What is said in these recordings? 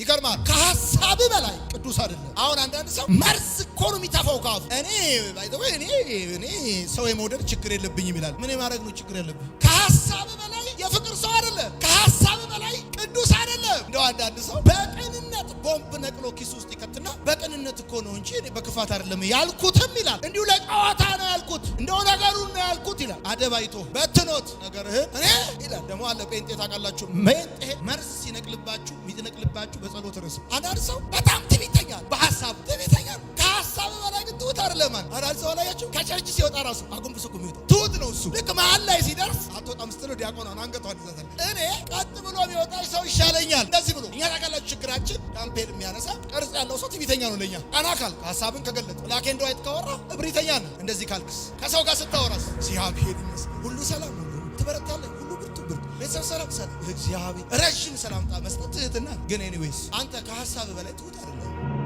ይገርማል። ከሀሳብ በላይ ቅዱስ አይደለም። አሁን አንዳንድ ሰው መርዝ እኮ ነው የሚተፋው ከአፉ። እኔ እኔ እኔ ሰው የመውደድ ችግር የለብኝ ይላል። ምን የማድረግ ነው ችግር የለብኝ። ከሀሳብ በላይ የፍቅር ሰው አይደለም። ከሀሳብ በላይ ቅዱስ አይደለም። እንደው አንዳንድ ሰው በቅንነት ቦምብ ነቅሎ ኪስ ውስጥ ይከትና በቸርነት እኮ ነው እንጂ እኔ በክፋት አይደለም ያልኩትም ይላል። እንዲሁ ለጨዋታ ነው ያልኩት፣ እንደው ነገሩን ነው ያልኩት ይላል። አደባይቶ በትኖት ነገርህ እኔ ይላል። ደግሞ አለ ጴንጤ ታውቃላችሁ፣ ጴንጤ መርስ ሲነቅልባችሁ የሚነቅልባችሁ በጸሎት ርስ አንዳንድ ሰው በጣም ትቢተኛል፣ በሀሳብ ትቢተኛል ከሀሳብ በላይ ግን ትሁት አይደለም። አንዳንድ ሰው አላያችሁ ከቸርች ሲወጣ ራሱ አጎንብሶ እኮ የሚወጣ ትሁት ነው እሱ። ልክ መሀል ላይ ሲደርስ አትወጣም ስትለው ዲያቆኗን አንገቷን ይዛታል። እኔ ቀጥ ብሎ የሚወጣ ሰው ይሻለኛል የሚያደርጋላችሁ ችግራችን ካምፔን የሚያነሳ ቅርጽ ያለው ሰው ትዕቢተኛ ነው። ለኛ ቀና ካልክ ሀሳብን ከገለጥ ላኬ እንደዋይት ካወራ እብሪተኛ ነው። እንደዚህ ካልክስ ከሰው ጋር ስታወራስ እግዚአብሔር ይመስገን ሁሉ ሰላም፣ ሁሉ ትበረታለህ፣ ሁሉ ብርቱ ብርቱ ቤተሰብ ሰላም ሰላም እግዚአብሔር ረዥም ሰላምታ መስጠት ትህትና። ግን ኤኒዌይስ አንተ ከሀሳብ በላይ ትሁት አይደለም።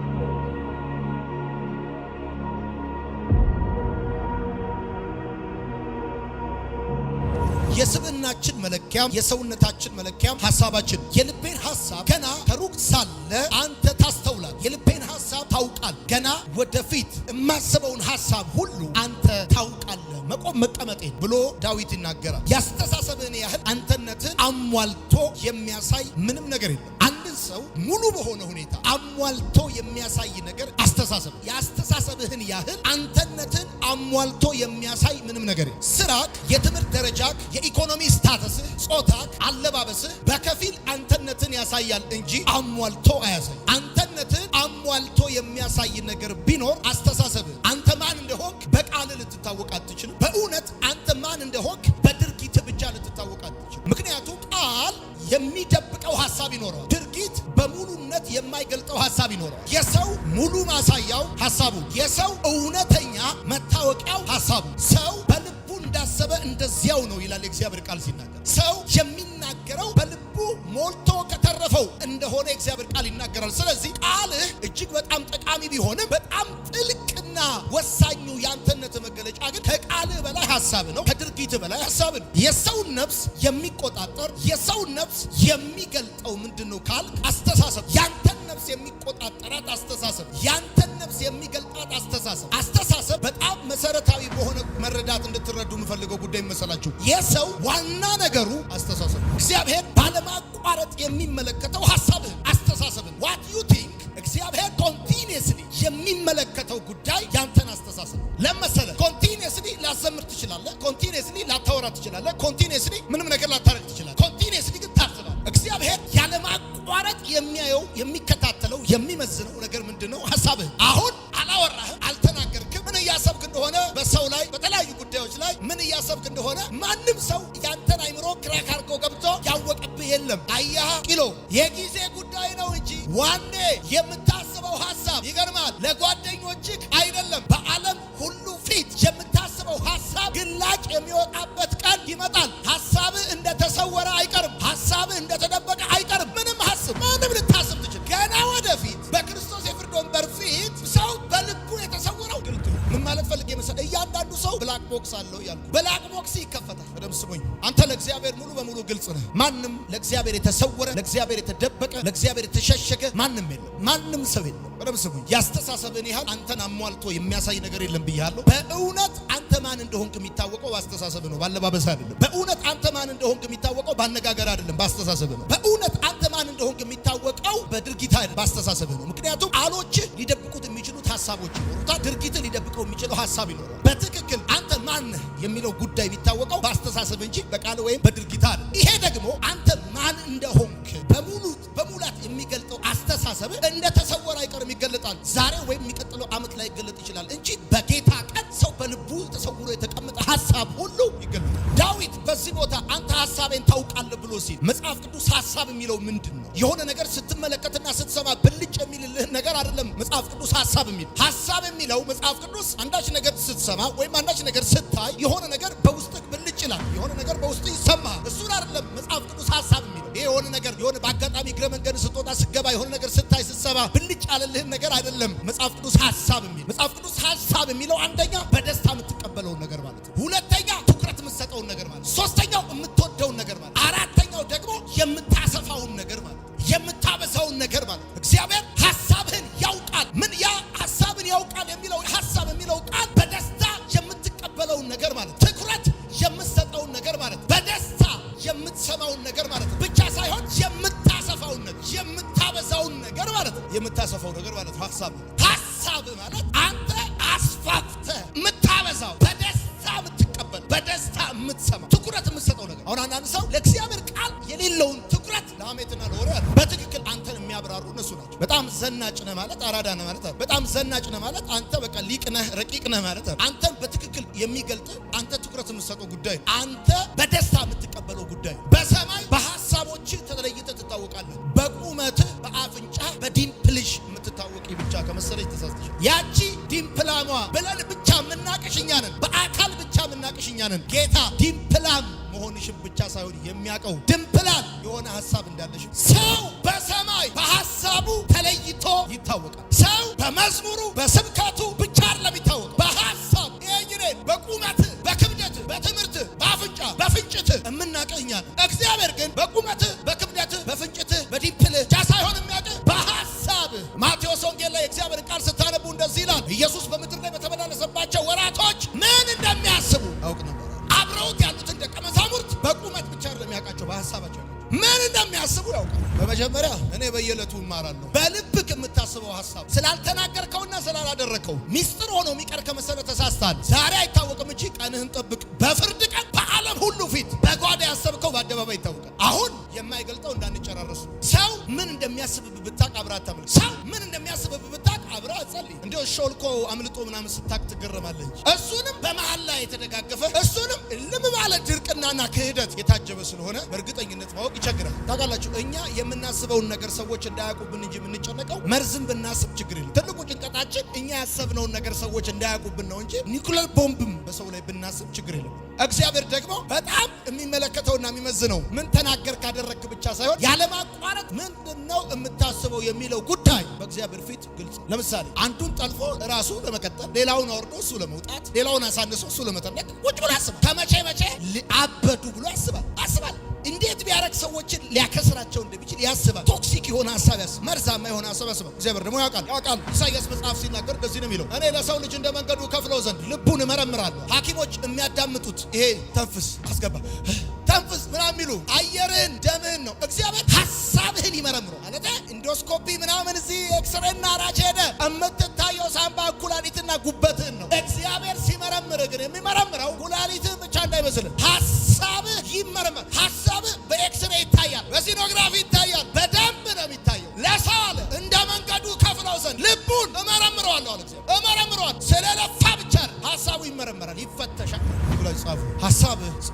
የስብናችን መለኪያም የሰውነታችን መለኪያም ሀሳባችን። የልቤን ሀሳብ ገና ከሩቅ ሳለ አንተ ታስተውላል። የልቤን ሀሳብ ታውቃል። ገና ወደፊት የማስበውን ሀሳብ ሁሉ አንተ ታውቃለ መቆም መቀመጤን ብሎ ዳዊት ይናገራል። ያስተሳሰብን ያህል አንተነትን አሟልቶ የሚያሳይ ምንም ነገር የለም። ሰው ሙሉ በሆነ ሁኔታ አሟልቶ የሚያሳይ ነገር አስተሳሰብ። የአስተሳሰብህን ያህል አንተነትን አሟልቶ የሚያሳይ ምንም ነገር ስራክ፣ የትምህርት ደረጃክ፣ የኢኮኖሚ ስታተስህ፣ ጾታክ፣ አለባበስህ በከፊል አንተነትን ያሳያል እንጂ አሟልቶ አያሳይ። አንተነትን አሟልቶ የሚያሳይ ነገር ቢኖር አስተሳሰብህ። አንተ ማን እንደሆንክ በቃል ልትታወቅ አትችልም። በእውነት አንተ ማን እንደሆንክ በድርጊት ብቻ ልትታወቅ አትችልም። ምክንያቱም ቃል የሚደብቀው ሀሳብ ይኖረዋል። በሙሉነት የማይገልጠው ሀሳብ ይኖረዋል። የሰው ሙሉ ማሳያው ሀሳቡ፣ የሰው እውነተኛ መታወቂያው ሀሳቡ። ሰው በልቡ እንዳሰበ እንደዚያው ነው ይላል የእግዚአብሔር ቃል ሲናገር። ሰው የሚናገረው በልቡ ሞልቶ ከተረፈው እንደሆነ የእግዚአብሔር ቃል ይናገራል። ስለዚህ ቃልህ እጅግ በጣም ጠቃሚ ቢሆንም በጣም ጥልቅና ወሳኙ የአንተነት መገለጫ ግን ከቃልህ በላይ ሀሳብ ነው፣ ከድርጊትህ በላይ ሀሳብ ነው። የሰውን ነፍስ የሚቆጣጠር የሰውን ነፍስ የሚገል መረዳት እንድትረዱ የምፈልገው ጉዳይ መሰላችሁ፣ የሰው ዋና ነገሩ አስተሳሰብ እግዚአብሔር ባለማቋረጥ የሚመለከተው እያሰብክ እንደሆነ ማንም ሰው ያንተን አይምሮ ክራክ አርጎ ገብቶ ያወቀብህ የለም። አያ ቂሎ የጊዜ ጉዳይ ነው እንጂ ዋኔ የምታስበው ሀሳብ ይገርማል ለጓ ነኝ። አንተ ለእግዚአብሔር ሙሉ በሙሉ ግልጽ ነህ። ማንም ለእግዚአብሔር የተሰወረ፣ ለእግዚአብሔር የተደበቀ፣ ለእግዚአብሔር የተሸሸገ ማንም የለም። ማንም ሰው የለም። በደም ስሙኝ። ያስተሳሰብን ያህል አንተን አሟልቶ የሚያሳይ ነገር የለም ብያለሁ። በእውነት አንተ ማን እንደሆንክ የሚታወቀው በአስተሳሰብ ነው፣ ባለባበስ አይደለም። በእውነት አንተ ማን እንደሆንክ የሚታወቀው ባነጋገር አይደለም፣ በአስተሳሰብ ነው። በእውነት አንተ ማን እንደሆንክ የሚታወቀው በድርጊት አይደለም፣ በአስተሳሰብ ነው። ምክንያቱም ቃሎች ሊደብቁት የሚችሉት ሀሳቦች ይኖሩታል። ድርጊት ሊደብቀው የሚችለው ሀሳብ ይኖራል። በትክክል አንተ ማን የሚለው ጉዳይ የሚታወቀው በአስተሳሰብ እንጂ በቃል ወይም በድርጊት አለ። ይሄ ደግሞ አንተ ማን እንደሆንክ በሙሉ በሙላት የሚገልጠው አስተሳሰብ እንደ ተሰወረ አይቀርም ይገለጣል። ዛሬ ወይም የሚቀጥለው ዓመት ላይ ይገለጥ ይችላል እንጂ በጌታ ቀን ሰው በልቡ ተሰውሮ የተቀመጠ ሀሳብ ሁሉ ይገለጣል። ዳዊት በዚህ ቦታ አንተ ሀሳቤን ታውቃለህ ብሎ ሲል መጽሐፍ ቅዱስ ሀሳብ የሚለው ምንድን ነው? የሆነ ነገር ስትመለከትና ስትሰማ ብልጭ የሚልልህ ነገር አይደለም። መጽሐፍ ቅዱስ ሀሳብ የሚል ሀሳብ የሚለው መጽሐፍ ቅዱስ አንዳች ነገር ስትሰማ ወይም ይሄ የሆነ ነገር የሆነ በአጋጣሚ እግረ መንገድ ስትወጣ ስገባ የሆነ ነገር ስታይ ስትሰባ ብልጭ ያለልህን ነገር አይደለም። መጽሐፍ ቅዱስ ሐሳብ የሚል መጽሐፍ ቅዱስ ሐሳብ የሚለው አንደኛ የምታሰፋው ነገር ማለት ነው። ሀሳብ ሀሳብ ማለት አንተ አስፋፍተ የምታበዛው በደስታ የምትቀበል በደስታ የምትሰማ ትኩረት የምትሰጠው ነገር። አሁን አንዳንድ ሰው ለእግዚአብሔር ቃል የሌለውን ትኩረት ለአሜትና ለወሬ አለ። በትክክል አንተን የሚያብራሩ እነሱ ናቸው። በጣም ዘናጭ ነህ ማለት አራዳ ነህ ማለት በጣም ዘናጭ ነህ ማለት አንተ በቃ ሊቅ ነህ ረቂቅ ነህ ማለት አንተን በትክክል የሚገልጥ አንተ ትኩረት የምትሰጠው ጉዳይ አንተ በደስ መሰለሽ ተሳስተሻል። ያቺ ዲምፕላሟ ብለን ብቻ የምናቅሽኛ ነን፣ በአካል ብቻ የምናቅሽኛ ነን። ጌታ ዲምፕላም መሆንሽን ብቻ ሳይሆን የሚያውቀው ድምፕላም የሆነ ሀሳብ እንዳለሽ ሰው በሰማይ በሀሳቡ ተለይቶ ይታወቃል። ሰው በመዝሙሩ በስብ ማቴዎስ ወንጌል ላይ የእግዚአብሔር ቃል ስታነቡ እንደዚህ ይላል። ኢየሱስ በምድር ላይ በተመላለሰባቸው ወራቶች ምን እንደሚያስቡ አውቅ ነበር። አብረውት ያሉትን ደቀ መዛሙርት በቁመት ብቻ አይደለም ያውቃቸው፣ በሀሳባቸው ምን እንደሚያስቡ ያውቃል። በመጀመሪያ እኔ በየዕለቱ እማራለሁ። በልብክ የምታስበው ሀሳብ ስላልተናገርከውና ስላላደረከው ሚስጥር ሆኖ የሚቀር ከመሰለ ተሳስታል። ዛሬ አይታወቅም እንጂ ቀንህን ጠብቅ። በፍርድ ቀን በዓለም ሁሉ ፊት ታዲያ ያሰብከው በአደባባይ ይታወቃል። አሁን የማይገልጠው እንዳንጨራረሱ ሰው ምን እንደሚያስብብ ብታቅ አብረህ አታምልክ። ሰው ምን እንደሚያስብብ እንዲያው ሾልኮ አምልጦ ምናምን ስታቅ ትገረማለች። እሱንም በመሐላ የተደጋገፈ እሱንም ልም ባለ ድርቅናና ክህደት የታጀበ ስለሆነ በእርግጠኝነት ማወቅ ይቸግራል። ታውቃላችሁ፣ እኛ የምናስበውን ነገር ሰዎች እንዳያውቁብን እንጂ የምንጨነቀው መርዝም ብናስብ ችግር የለም። ትልቁ ጭንቀታችን እኛ ያሰብነውን ነገር ሰዎች እንዳያውቁብን ነው እንጂ ኒኩለር ቦምብም በሰው ላይ ብናስብ ችግር የለም። እግዚአብሔር ደግሞ በጣም የሚመለከተውና የሚመዝነው ምን ተናገር ካደረግክ ብቻ ሳይሆን ያለማቋረጥ ምንድነው የምታስበው የሚለው ጉዳይ በእግዚአብሔር ፊት ግልጽ። ለምሳሌ አንዱን ጠልፎ ራሱ ለመቀጠል፣ ሌላውን አወርዶ እሱ ለመውጣት፣ ሌላውን አሳንሶ እሱ ለመተለቅ ቁጭ ብሎ አስባል። ከመቼ መቼ አበዱ ብሎ አስባል አስባል እንዴት ቢያደርግ ሰዎችን ሊያከስራቸው እንደሚችል ያስባል። ቶክሲክ የሆነ ሀሳብ ያስባል። መርዛማ የሆነ ሀሳብ ያስባል። እግዚአብሔር ደግሞ ያውቃል ያውቃል። ኢሳያስ መጽሐፍ ሲናገር እንደዚህ ነው የሚለው፣ እኔ ለሰው ልጅ እንደ መንገዱ ከፍለው ዘንድ ልቡን እመረምራለሁ። ሐኪሞች የሚያዳምጡት ይሄ ተንፍስ አስገባ ተንፍስ ምናምን የሚሉ አየርህን ደምህን ነው። እግዚአብሔር ሀሳብህን ይመረምሮ ማለት ኢንዶስኮፒ ምናምን እዚህ ኤክስሬና ራጭ ሄደ የምትታየው ሳምባ ኩላሊትና ጉበትህን ነው። እግዚአብሔር ሲመረምር ግን የሚመረምረው ኩላሊትህ ብቻ እንዳይመስልን ሀሳብህ ይመረመር።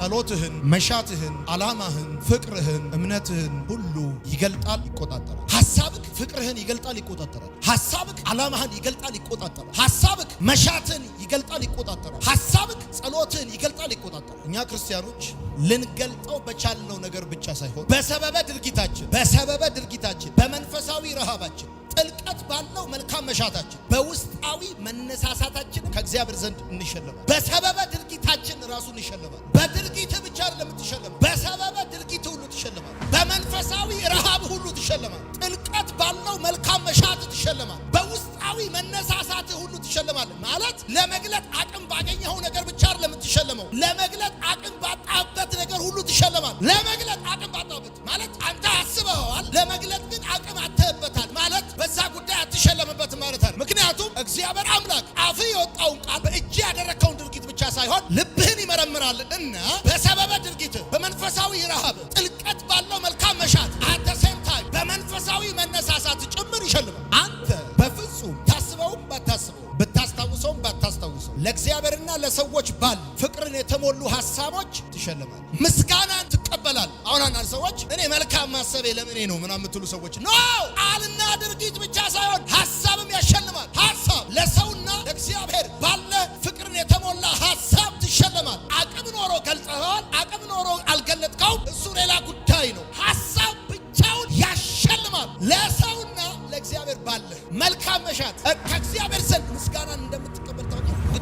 ጸሎትህን፣ መሻትህን፣ አላማህን፣ ፍቅርህን፣ እምነትህን ሁሉ ይገልጣል፣ ይቆጣጠራል። ሀሳብክ ፍቅርህን ይገልጣል፣ ይቆጣጠራል። ሀሳብክ አላማህን ይገልጣል፣ ይቆጣጠራል። ሀሳብክ መሻትን ይገልጣል፣ ይቆጣጠራል። ሀሳብክ ጸሎትህን ይገልጣል፣ ይቆጣጠራል። እኛ ክርስቲያኖች ልንገልጠው በቻልነው ነገር ብቻ ሳይሆን በሰበበ ድርጊታችን በሰበበ ድርጊታችን በመንፈሳዊ ረሃባችን ጥልቀት ባለው መልካም መሻታችን በውስጣዊ መነሳሳታችን ከእግዚአብሔር ዘንድ እንሸለማል። በሰበበ ህይወታችን ራሱን ይሸልማል። በድርጊት ብቻ አይደለም የምትሸልመው፣ በሰበበ ድርጊት ሁሉ ትሸልማል። በመንፈሳዊ ረሃብ ሁሉ ትሸልማል። ጥልቀት ባለው መልካም መሻት ትሸልማል። በውስጣዊ መነሳሳት ሁሉ ትሸልማል። ማለት ለመግለጥ አቅም ባገኘው ነገር ብቻ አይደለም የምትሸልመው፣ ለመግለጥ አቅም ባጣበት ነገር ሁሉ ትሸልማል። ለመግለጥ አቅም ባጣበት ማለት አንተ አስበዋል፣ ለመግለጥ ግን ምስጋናን ትቀበላል። አሁን አንዳንድ ሰዎች እኔ መልካም ማሰቤ ለምኔ ነው ምናምን የምትሉ ሰዎች ኖ አልና ድርጊት ብቻ ሳይሆን ሀሳብም ያሸልማል። ሀሳብ ለሰውና ለእግዚአብሔር ባለ ፍቅርን የተሞላ ሀሳብ ትሸለማል። አቅም ኖሮ ገልጸኸዋል፣ አቅም ኖሮ አልገለጥከውም፣ እሱ ሌላ ጉዳይ ነው። ሀሳብ ብቻውን ያሸልማል። ለሰውና ለእግዚአብሔር ባለ መልካም መሻት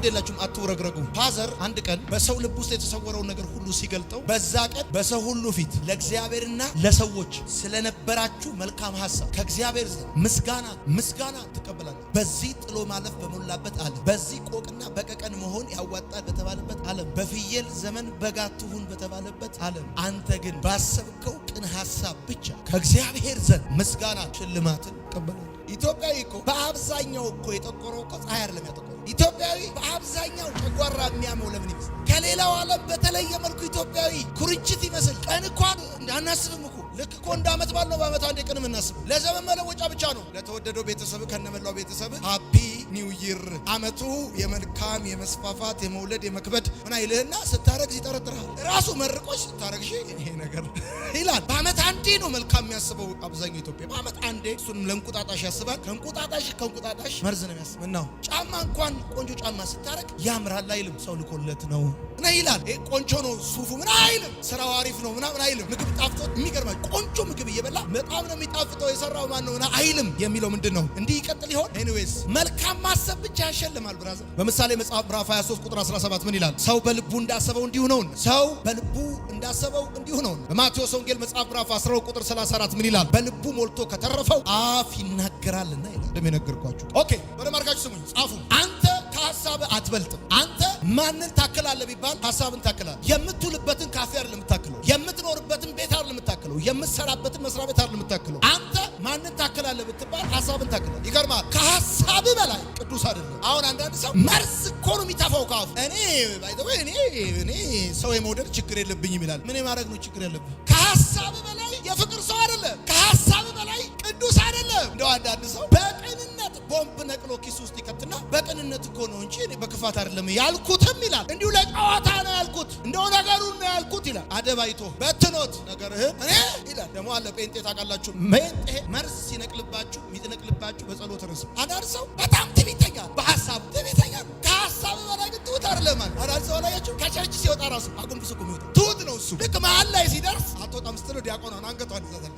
ግድ አትውረግረጉ። ፓዘር አንድ ቀን በሰው ልብ ውስጥ የተሰወረውን ነገር ሁሉ ሲገልጠው በዛ ቀን በሰው ሁሉ ፊት ለእግዚአብሔርና ለሰዎች ስለነበራችሁ መልካም ሀሳብ ከእግዚአብሔር ዘንድ ምስጋና ምስጋና ትቀበላለህ። በዚህ ጥሎ ማለፍ በሞላበት ዓለም በዚህ ቆቅና በቀቀን መሆን ያዋጣል በተባለበት ዓለም በፍየል ዘመን በጋ ትሁን በተባለበት ዓለም አንተ ግን ባሰብከው ቅን ሀሳብ ብቻ ከእግዚአብሔር ዘንድ ምስጋና ሽልማትን ይቀበላል። ኢትዮጵያዊ እኮ በአብዛኛው እኮ የጠቆረው እኮ ፀሐይ አይደለም ያጠቆረው። ኢትዮጵያዊ በአብዛኛው ጨጓራ የሚያመው ለምን ይመስል ከሌላው ዓለም በተለየ መልኩ ኢትዮጵያዊ ኩርንችት ይመስል ቀን እንኳን እንዳናስብም እኮ ልክ እኮ እንደ ዓመት ባል ነው። በዓመት አንዴ ቀን የምናስብ ለዘመን መለወጫ ብቻ ነው። ለተወደደው ቤተሰብ ከነመላው ቤተሰብ ሀፒ ኒው ይር አመቱ የመልካም የመስፋፋት የመውለድ የመክበድ ምን አይልህና ስታረግዝ ይጠረጥርሃል። ራሱ መርቆች ስታረግ ይሄ ነገር ይላል። በአመት አንዴ ነው መልካም የሚያስበው አብዛኛው ኢትዮጵያ በአመት አንዴ፣ እሱንም ለእንቁጣጣሽ ያስባል። ከእንቁጣጣሽ ከእንቁጣጣሽ መርዝ ነው የሚያስብ ምናው ጫማ እንኳን ቆንጆ ጫማ ስታረግ ያምራል አይልም። ሰው ልኮለት ነው እና ይላል። ቆንጆ ነው ሱፉ ምን አይልም። ስራው አሪፍ ነው ምናምን አይልም። ምግብ ጣፍጦት የሚገርማል። ቆንጆ ምግብ እየበላ በጣም ነው የሚጣፍጠው የሰራው ማን ነው አይልም የሚለው ምንድን ነው? እንዲህ ይቀጥል ይሆን? ኤኒዌይስ መልካም ማሰብ ብቻ ያሸልማል። ብራዘር በምሳሌ መጽሐፍ ምዕራፍ 23 ቁጥር 17 ምን ይላል? ሰው በልቡ እንዳሰበው እንዲሁ ነውን። ሰው በልቡ እንዳሰበው እንዲሁ ነውን። በማቴዎስ ወንጌል መጽሐፍ ምዕራፍ 12 ቁጥር 34 ምን ይላል? በልቡ ሞልቶ ከተረፈው አፍ ይናገራልና ይላል። እንደም የነገርኳችሁ። ኦኬ፣ በደም አድርጋችሁ ስሙኝ፣ ጻፉ። በሀሳብ አትበልጥም። አንተ ማንን ታክላለህ ቢባል ሀሳብን ታክላል። የምትውልበትን ካፌ አይደል የምታክለው፣ የምትኖርበትን ቤት አይደል የምታክለው፣ የምትሰራበትን መስሪያ ቤት አይደል የምታክለው። አንተ ማንን ታክላለህ ብትባል ሀሳብን ታክላል። ይገርማል። ከሀሳብ በላይ ቅዱስ አይደለም። አሁን አንዳንድ ሰው መርዝ እኮ ነው የሚተፋው ካፍ። እኔ ባይተወይ እኔ እኔ ሰው የመውደድ ችግር የለብኝም ይላል። ምን ማድረግ ነው ችግር የለብኝ ከሀሳብ በላይ የፍቅር ሰው አይደለም። ቅዱስ አይደለም። እንደው አንዳንድ ሰው በቅንነት ቦምብ ነቅሎ ኪስ ውስጥ ይከትና በቅንነት እኮ ነው እንጂ በክፋት አይደለም ያልኩትም ይላል። እንዲሁ ለጨዋታ ነው ያልኩት፣ እንደው ነገሩን ነው ያልኩት ይላል። አደባይቶ በትኖት ነገርህ እኔ ይላል። ደግሞ አለ ጴንጤ ታውቃላችሁ፣ ጴንጤ መርስ ሲነቅልባችሁ የሚነቅልባችሁ በጸሎት ርስ። አንዳንድ ሰው በጣም ትዕቢተኛ በሀሳብ ትዕቢተኛ ነው። ከሀሳብ በላይ ግን ትሁት አይደለም አለ። አንዳንድ ሰው አላያችሁም? ከቸርች ሲወጣ ራሱ አጎንብሶ እኮ የሚወጣ ትሁት ነው እሱ። ልክ መሀል ላይ ሲደርስ አትወጣም ስትለው ዲያቆኗን አንገቷን ይዛታል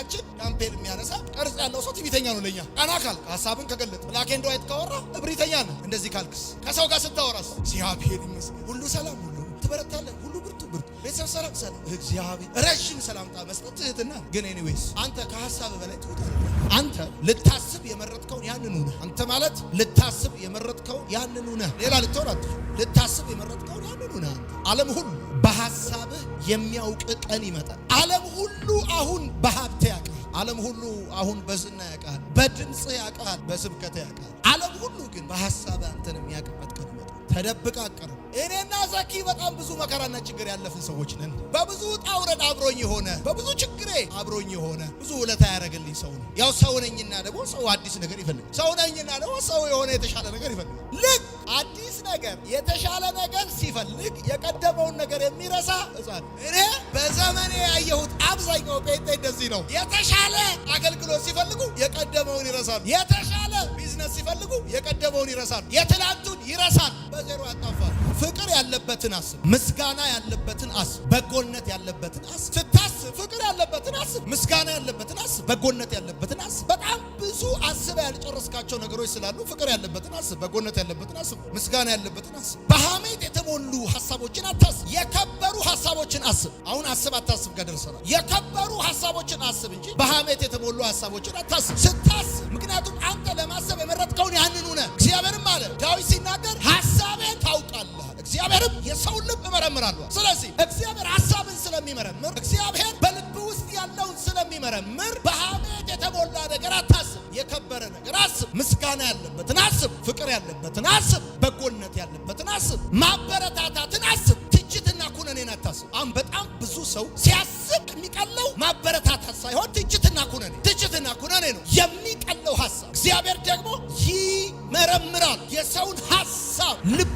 አይናችን ዳምፔል የሚያነሳ ቅርጽ ያለው ሰው ትዕቢተኛ ነው። ለኛ ቀና ካልክ ሀሳብን ከገለጥ ብላክ ኤንድ ዋይት ካወራ እብሪተኛ ነህ። እንደዚህ ካልክስ ከሰው ጋር ስታወራስ እግዚአብሔር ይመስገን ሁሉ ሰላም ሁሉ ትበረታለ ሁሉ ብርቱ ብርቱ ቤተሰብ ሰላም ሰላም እግዚአብሔር ረዥም ሰላምታ መስጠት ትህትና ግን ኤኒዌይስ አንተ ከሀሳብ በላይ ትውጣለህ። አንተ ልታስብ የመረጥከውን ያንኑ ነህ። አንተ ማለት ልታስብ የመረጥከውን ያንኑ ነህ። ሌላ ልትሆን አትችልም። ልታስብ የመረጥከውን ያንን ሁና። ዓለም ሁሉ በሐሳብህ የሚያውቅ ቀን ይመጣል። ዓለም ሁሉ አሁን በሀብት ያውቃል። ዓለም ሁሉ አሁን በዝና ያውቃል፣ በድምፅ ያውቃል፣ በስብከት ያውቃል። ዓለም ሁሉ ግን በሐሳብ አንተን የሚያውቅበት ቀን ይመጣል። ተደብቃ አቀርብ እኔና ዘኪ በጣም ብዙ መከራና ችግር ያለፍን ሰዎች ነን። በብዙ ውጣ ውረድ አብሮኝ የሆነ በብዙ ችግሬ አብሮኝ የሆነ ብዙ ውለታ ያደረገልኝ ሰው ነው። ያው ሰው ነኝና ደግሞ ሰው አዲስ ነገር ይፈልጋል። ሰው ነኝና ደግሞ ሰው የሆነ የተሻለ ነገር ይፈልጋል። ልክ አዲስ ነገር የተሻለ ነገር ሲፈልግ የቀደመውን ነገር የሚረሳ ሕፃን። እኔ በዘመኔ ያየሁት አብዛኛው ጴንጤ እንደዚህ ነው። የተሻለ አገልግሎት ሲፈልጉ የቀደመውን ይረሳል። የተሻለ ቢዝነስ ሲፈልጉ የቀደመውን ይረሳል። የትላንቱን ይረሳል። በዜሮ ያጣፋል። ፍቅር ያለበትን አስብ፣ ምስጋና ያለበትን አስብ፣ በጎነት ያለበትን አስብ ስታስ ፍቅር ያለበትን አስብ፣ ምስጋና ያለበትን አስብ፣ በጎነት ያለበትን አስብ። በጣም ብዙ አስበ ያልጨረስካቸው ነገሮች ስላሉ ፍቅር ያለበትን አስብ፣ በጎነት ያለበትን አስብ፣ ምስጋና ያለበትን አስብ። በሐሜት የተሞሉ ሀሳቦችን አታስብ፣ የከበሩ ሀሳቦችን አስብ። አሁን አስብ አታስብ ጋር ደርሰናል። የከበሩ ሀሳቦችን አስብ እንጂ በሐሜት የተሞሉ ሀሳቦችን አታስብ ስታስብ፣ ምክንያቱም አንተ ለማሰብ የመረጥከውን ያንን ነህ። እግዚአብሔርም አለ ዳዊት ሲናገር ሀሳቤን ታውቃለህ እግዚአብሔርም የሰውን ልብ እመረምራለሁ። ስለዚህ እግዚአብሔር ሀሳብን ስለሚመረምር እግዚአብሔር በልብ ውስጥ ያለውን ስለሚመረምር በሐሜት የተሞላ ነገር አታስብ፣ የከበረ ነገር አስብ፣ ምስጋና ያለበትን አስብ፣ ፍቅር ያለበትን አስብ፣ በጎነት ያለበትን አስብ፣ ማበረታታትን አስብ፣ ትችትና ኩነኔን አታስብ። አሁን በጣም ብዙ ሰው ሲያስብ የሚቀለው ማበረታታት ሳይሆን ትችትና ኩነኔ ትችትና ኩነኔ ነው የሚቀለው ሀሳብ። እግዚአብሔር ደግሞ ይመረምራል የሰውን ሀሳብ ልብ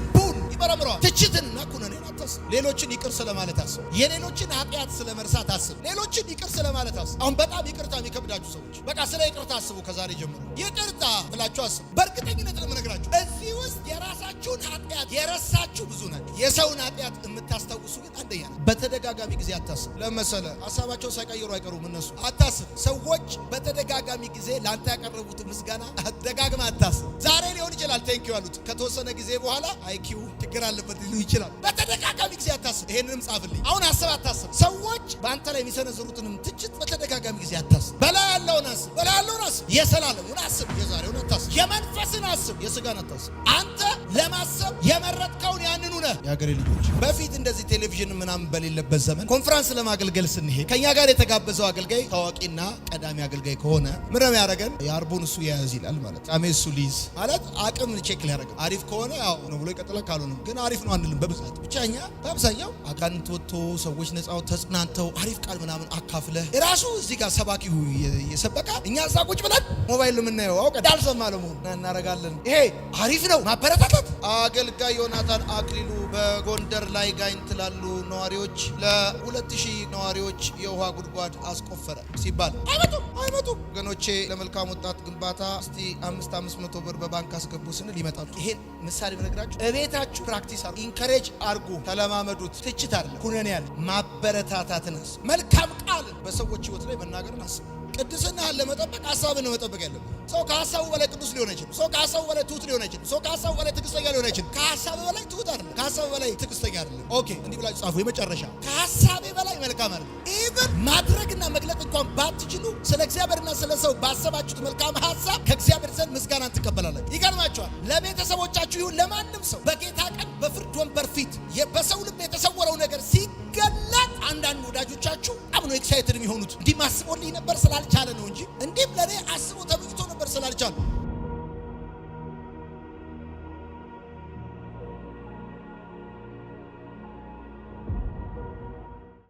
ትችትና ኩነኔን አታስብ። ሌሎችን ይቅር ስለማለት አስብ። የሌሎችን ኃጢአት ስለመርሳት አስብ። ሌሎችን ይቅር ስለማለት አስብ። አሁን በጣም ይቅርታ የሚከብዳችሁ ሰዎች በቃ ስለ ይቅርታ አስቡ። ከዛሬ ጀምሮ ይቅርታ ብላችሁ አስቡ። በእርግጠኝነት ለምነግራችሁ እዚህ ውስጥ የራሳችሁን ኃጢአት የረሳችሁ ብዙ ናቸው። የሰውን ኃጢአት የምታስታውሱ ግን አንደኛ በተደጋጋሚ ጊዜ አታስብ። ለመሰለ ሀሳባቸውን ሳይቀይሩ አይቀሩም እነሱ አታስብ። ሰዎች በተደጋጋሚ ጊዜ ለአንተ ያቀረቡት ምስጋና አደጋግመ አታስብ። ዛሬ ሊሆን ይችላል ቴንክ ዩ አሉት። ከተወሰነ ጊዜ በኋላ አይኪው ችግር አለበት ሊሉ ይችላል። በተደጋጋሚ ጊዜ አታስብ። ይሄንንም ጻፍልኝ። አሁን አስብ፣ አታስብ። ሰዎች በአንተ ላይ የሚሰነዝሩትንም ትችት በተደጋጋሚ ጊዜ አታስብ። በላይ ያለውን አስብ፣ በላይ ያለውን አስብ። የሰላለሙን አስብ፣ የዛሬውን አታስብ። የመንፈስን አስብ፣ የስጋን አታስብ። አንተ ለማሰብ የመረጥከውን ያንኑ ነህ። የሀገሬ ልጆች በፊት እንደዚህ ቴሌቪዥን ምናምን በሌለበት ዘመን ኮንፈረንስ ለማገልገል ስንሄድ ከእኛ ጋር የተጋበዘው አገልጋይ ታዋቂና ቀዳሚ አገልጋይ ከሆነ ምንም ያደረገን የአርቦን እሱ የያዝ ይላል ማለት ጫሜ እሱ ሊይዝ ማለት አቅም ቼክ ሊያደረገ አሪፍ ከሆነ ያው ነው ብሎ ይቀጥላል። ካልሆነም ግን አሪፍ ነው አንልም። በብዛት ብቻ እኛ በአብዛኛው አጋንንት ወጥቶ ሰዎች ነፃው ተጽናንተው አሪፍ ቃል ምናምን አካፍለህ የራሱ እዚህ ጋር ሰባኪ የሰበቃ እኛ እዛ ቁጭ ብለን ሞባይል የምናየው አውቀ ዳልሰማ ለመሆን እናረጋለን። ይሄ አሪፍ ነው ማበረታታት አገልጋይ ዮናታን አክሊሉ በጎንደር ላይ ጋኝ ትላሉ ነዋሪዎች ለ2000 ነዋሪዎች የውሃ ጉድጓድ አስቆፈረ ሲባል አይመጡም አይመጡም ወገኖቼ፣ ለመልካም ወጣት ግንባታ እስቲ አምስት ብር በባንክ አስገቡ ስንል ይመጣሉ። ይሄን ምሳሌ ብነግራችሁ እቤታችሁ ፕራክቲስ አርጉ፣ ኢንከሬጅ አርጉ፣ ተለማመዱት። ትችት አለ ኩነን ያለ ማበረታታትን መልካም ቃል በሰዎች ህይወት ላይ መናገርን አስብ ቅድስናህን ለመጠበቅ ሀሳብን መጠበቅ ያለብህ። ሰው ከሀሳቡ በላይ ቅዱስ ሊሆን አይችልም። ሰው ከሀሳቡ በላይ ትሁት ሊሆን አይችልም። ሰው ከሀሳቡ በላይ ትዕግስተኛ ሊሆን አይችልም። ከሀሳብ በላይ ትሁት አይደለም። ከሀሳብ በላይ ትዕግስተኛ አይደለም። ኦኬ፣ እንዲህ ብላችሁ ጻፉ። የመጨረሻ ከሀሳቤ በላይ መልካም አይደለም። ኢቨን ማድረግና መግለጥ እንኳን ባትችሉ ስለ እግዚአብሔርና ስለ ሰው ባሰባችሁት መልካም ሀሳብ ከእግዚአብሔር ዘንድ ምስጋናን ትቀበላላችሁ። ይገርማችኋል። ለቤተሰቦቻችሁ ይሁን ለማንም ሰው በጌታ ቀን በፍርድ ወንበር ፊት በሰው ልብ የተሰወረው ነገር ሲገላ አንዳንድ ወዳጆቻችሁ በጣም ነው ኤክሳይትድ የሚሆኑት እንዲህ ማስቦልኝ ነበር ስላልቻለ ነው እንጂ እንዲህም ለእኔ አስቦ ተመኝቶ ነበር ስላልቻለ